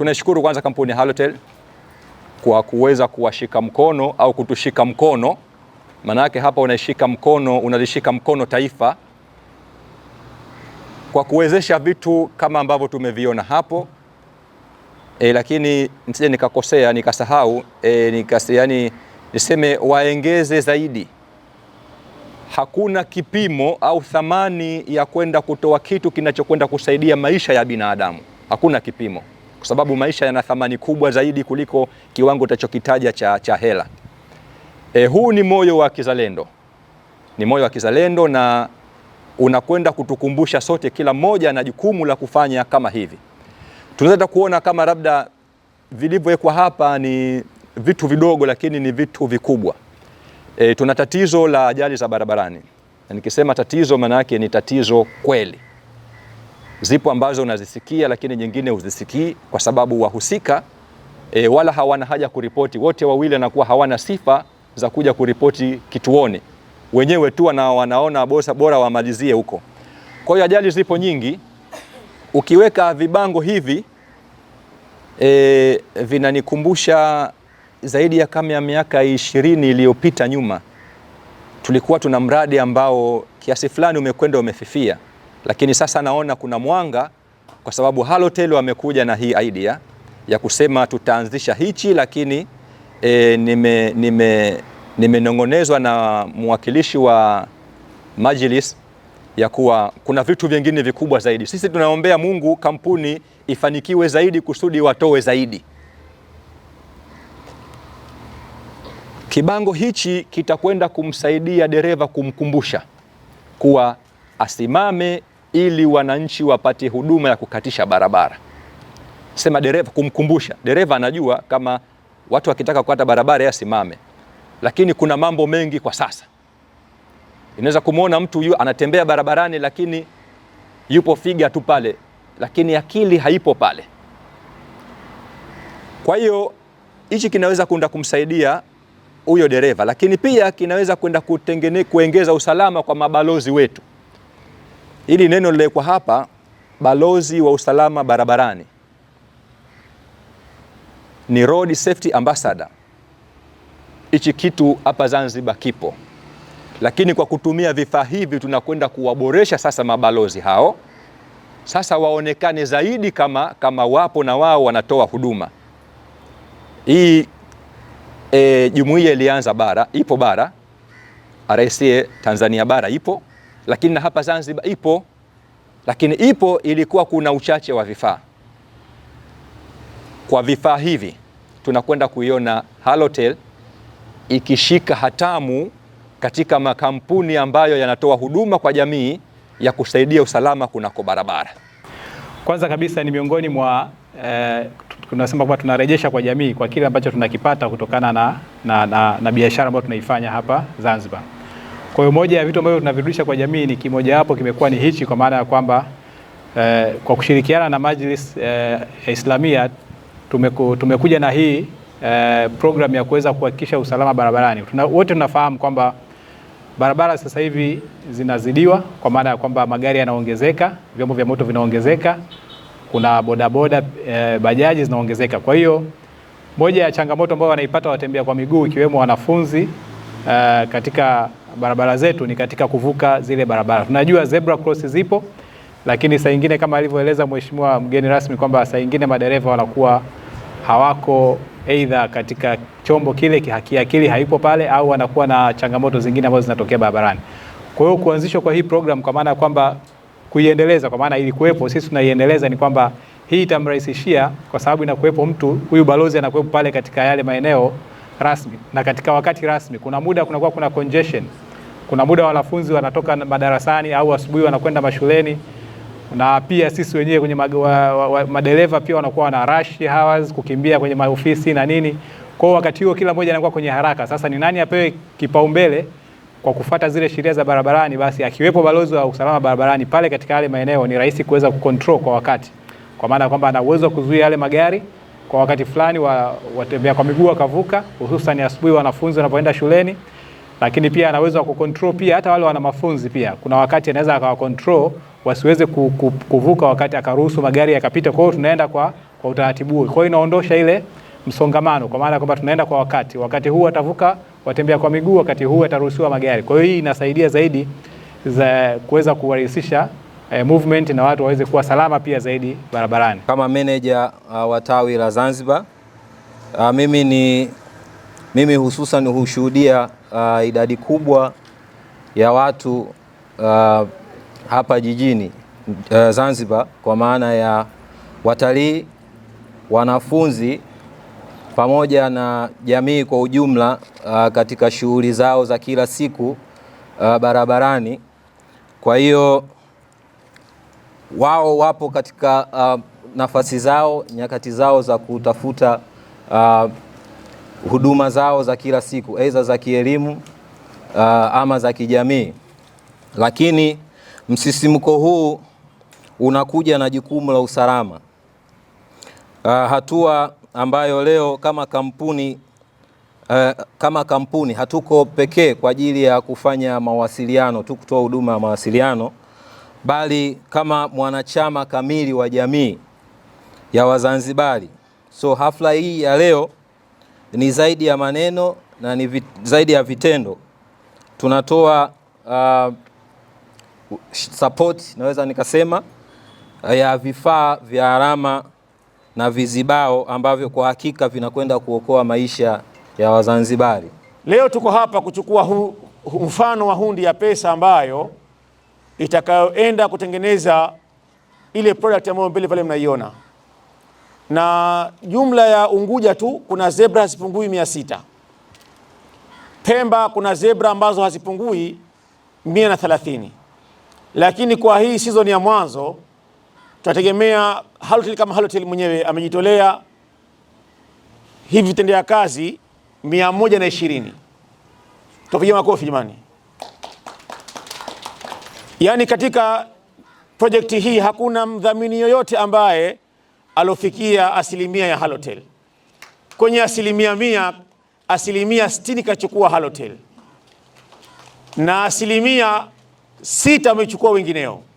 Tunashukuru kwanza kampuni ya Halotel kwa kuweza kuwashika mkono au kutushika mkono, maanake hapa unaishika mkono, unalishika mkono taifa kwa kuwezesha vitu kama ambavyo tumeviona hapo e, lakini nisije nikakosea nikasahau, e, nikase, yani, niseme waengeze zaidi. Hakuna kipimo au thamani ya kwenda kutoa kitu kinachokwenda kusaidia maisha ya binadamu, hakuna kipimo kwa sababu maisha yana thamani kubwa zaidi kuliko kiwango utachokitaja cha, cha hela. E, huu ni moyo wa kizalendo, ni moyo wa kizalendo na unakwenda kutukumbusha sote, kila mmoja ana jukumu la kufanya kama hivi. Tunaweza kuona kama labda vilivyowekwa hapa ni vitu vidogo, lakini ni vitu vikubwa. E, tuna tatizo la ajali za barabarani, na nikisema tatizo maana yake ni tatizo kweli. Zipo ambazo unazisikia lakini nyingine huzisikii kwa sababu wahusika e, wala hawana haja kuripoti. Wote wawili anakuwa hawana sifa za kuja kuripoti kituoni, wenyewe tu na wanaona bosa bora wamalizie huko. Kwa hiyo ajali zipo nyingi. Ukiweka vibango hivi e, vinanikumbusha zaidi ya kama ya miaka ishirini iliyopita nyuma tulikuwa tuna mradi ambao kiasi fulani umekwenda umefifia lakini sasa naona kuna mwanga kwa sababu Halotel wamekuja na hii idea ya kusema tutaanzisha hichi, lakini e, nime, nime, nimenong'onezwa na mwakilishi wa majlis ya kuwa kuna vitu vingine vikubwa zaidi. Sisi tunaombea Mungu kampuni ifanikiwe zaidi kusudi watoe zaidi. Kibango hichi kitakwenda kumsaidia dereva kumkumbusha kuwa asimame ili wananchi wapate huduma ya kukatisha barabara. Sema dereva, kumkumbusha dereva, anajua kama watu wakitaka kukata barabara yasimame, lakini kuna mambo mengi kwa sasa. Inaweza kumwona mtu huyu anatembea barabarani, lakini yupo figa tu pale, lakini akili haipo pale. Kwa hiyo hichi kinaweza kwenda kumsaidia huyo dereva, lakini pia kinaweza kwenda kuongeza usalama kwa mabalozi wetu. Hili neno lilekwa hapa, balozi wa usalama barabarani ni road safety ambassador. Hichi kitu hapa Zanzibar kipo, lakini kwa kutumia vifaa hivi tunakwenda kuwaboresha sasa mabalozi hao, sasa waonekane zaidi kama, kama wapo na wao wanatoa huduma hii. E, jumuiya ilianza bara, ipo bara, RSA Tanzania bara ipo lakini na hapa Zanzibar ipo, lakini ipo, ilikuwa kuna uchache wa vifaa. Kwa vifaa hivi tunakwenda kuiona Halotel ikishika hatamu katika makampuni ambayo yanatoa huduma kwa jamii ya kusaidia usalama kunako barabara. Kwanza kabisa ni miongoni mwa eh, tunasema kwamba tunarejesha kwa jamii kwa kile ambacho tunakipata kutokana na, na, na, na biashara ambayo tunaifanya hapa Zanzibar. Kwa hiyo moja ya vitu ambavyo tunavirudisha kwa jamii ni kimojawapo kimekuwa ni hichi, kwa maana ya kwamba eh, kwa kushirikiana na Majlis eh, ya eh, Islamia tumeku, tumekuja na hii eh, program ya kuweza kuhakikisha usalama barabarani. Tuna, wote tunafahamu kwamba barabara sasa hivi zinazidiwa kwa maana ya kwamba magari yanaongezeka, vyombo vya moto vinaongezeka, kuna bodaboda e, bajaji zinaongezeka. Kwa hiyo moja ya changamoto ambayo wanaipata watembea kwa miguu ikiwemo wanafunzi e, katika barabara zetu ni katika kuvuka zile barabara. Tunajua zebra cross zipo, lakini saa nyingine kama alivyoeleza mheshimiwa mgeni rasmi kwamba saa nyingine madereva wanakuwa hawako aidha katika chombo kile kihakiakili haipo pale, au wanakuwa na changamoto zingine ambazo zinatokea barabarani. Kwa hiyo kuanzishwa kwa hii program kwa maana kwamba kuiendeleza kwa maana ili sisi tunaiendeleza ni kwamba hii itamrahisishia kwa sababu inakuwepo mtu huyu balozi anakuwepo pale katika yale maeneo rasmi na katika wakati rasmi. Kuna muda kunakuwa kuna congestion, kuna muda wanafunzi wanatoka madarasani au asubuhi wanakwenda mashuleni, na pia sisi wenyewe kwenye madereva pia wanakuwa wana rush hours, kukimbia kwenye maofisi na nini. Kwa hiyo wakati huo kila mmoja anakuwa kwenye haraka. Sasa ni nani apewe kipaumbele kwa kufata zile sheria za barabarani? Basi akiwepo balozi wa usalama barabarani pale katika yale maeneo, ni rahisi kuweza kucontrol kwa wakati, kwa maana kwamba ana uwezo wa kuzuia yale magari kwa wakati fulani wa, watembea kwa miguu wakavuka, hususan asubuhi wanafunzi wanapoenda shuleni, lakini pia anaweza kucontrol pia hata wale wana mafunzi pia, kuna wakati anaweza control wasiweze kuvuka, wakati akaruhusu magari yakapita. Kwa hiyo tunaenda kwa, kwa utaratibu huo, kwa hiyo inaondosha ile msongamano kwa maana kwamba tunaenda kwa wakati. Wakati huu atavuka watembea kwa miguu, wakati huu ataruhusiwa magari. Kwa hiyo hii inasaidia zaidi za kuweza kurahisisha eh, movement na watu waweze kuwa salama pia zaidi barabarani. Kama meneja uh, wa tawi la Zanzibar uh, mimi ni mimi hususan hushuhudia uh, idadi kubwa ya watu uh, hapa jijini uh, Zanzibar kwa maana ya watalii, wanafunzi pamoja na jamii kwa ujumla uh, katika shughuli zao za kila siku uh, barabarani. Kwa hiyo wao wapo katika uh, nafasi zao, nyakati zao za kutafuta uh, huduma zao za kila siku, aidha za kielimu uh, ama za kijamii. Lakini msisimko huu unakuja na jukumu la usalama uh, hatua ambayo leo kama kampuni uh, kama kampuni hatuko pekee kwa ajili ya kufanya mawasiliano tu, kutoa huduma ya mawasiliano bali kama mwanachama kamili wa jamii ya Wazanzibari. So hafla hii ya leo ni zaidi ya maneno na ni vit, zaidi ya vitendo. Tunatoa uh, support naweza nikasema ya vifaa vya alama na vizibao ambavyo kwa hakika vinakwenda kuokoa maisha ya Wazanzibari. Leo tuko hapa kuchukua mfano hu, hu, wa hundi ya pesa ambayo itakayoenda kutengeneza ile product ambayo mbele pale mnaiona. Na jumla ya Unguja tu kuna zebra hazipungui mia sita. Pemba kuna zebra ambazo hazipungui mia na thelathini, lakini kwa hii season ya mwanzo tunategemea Halotel kama Halotel mwenyewe amejitolea hivi vitendea kazi mia moja na ishirini. Tupige makofi jamani. Yaani katika projekti hii hakuna mdhamini yoyote ambaye alofikia asilimia ya Halotel. Kwenye asilimia mia, asilimia sitini kachukua Halotel na asilimia sita amechukua wengineo.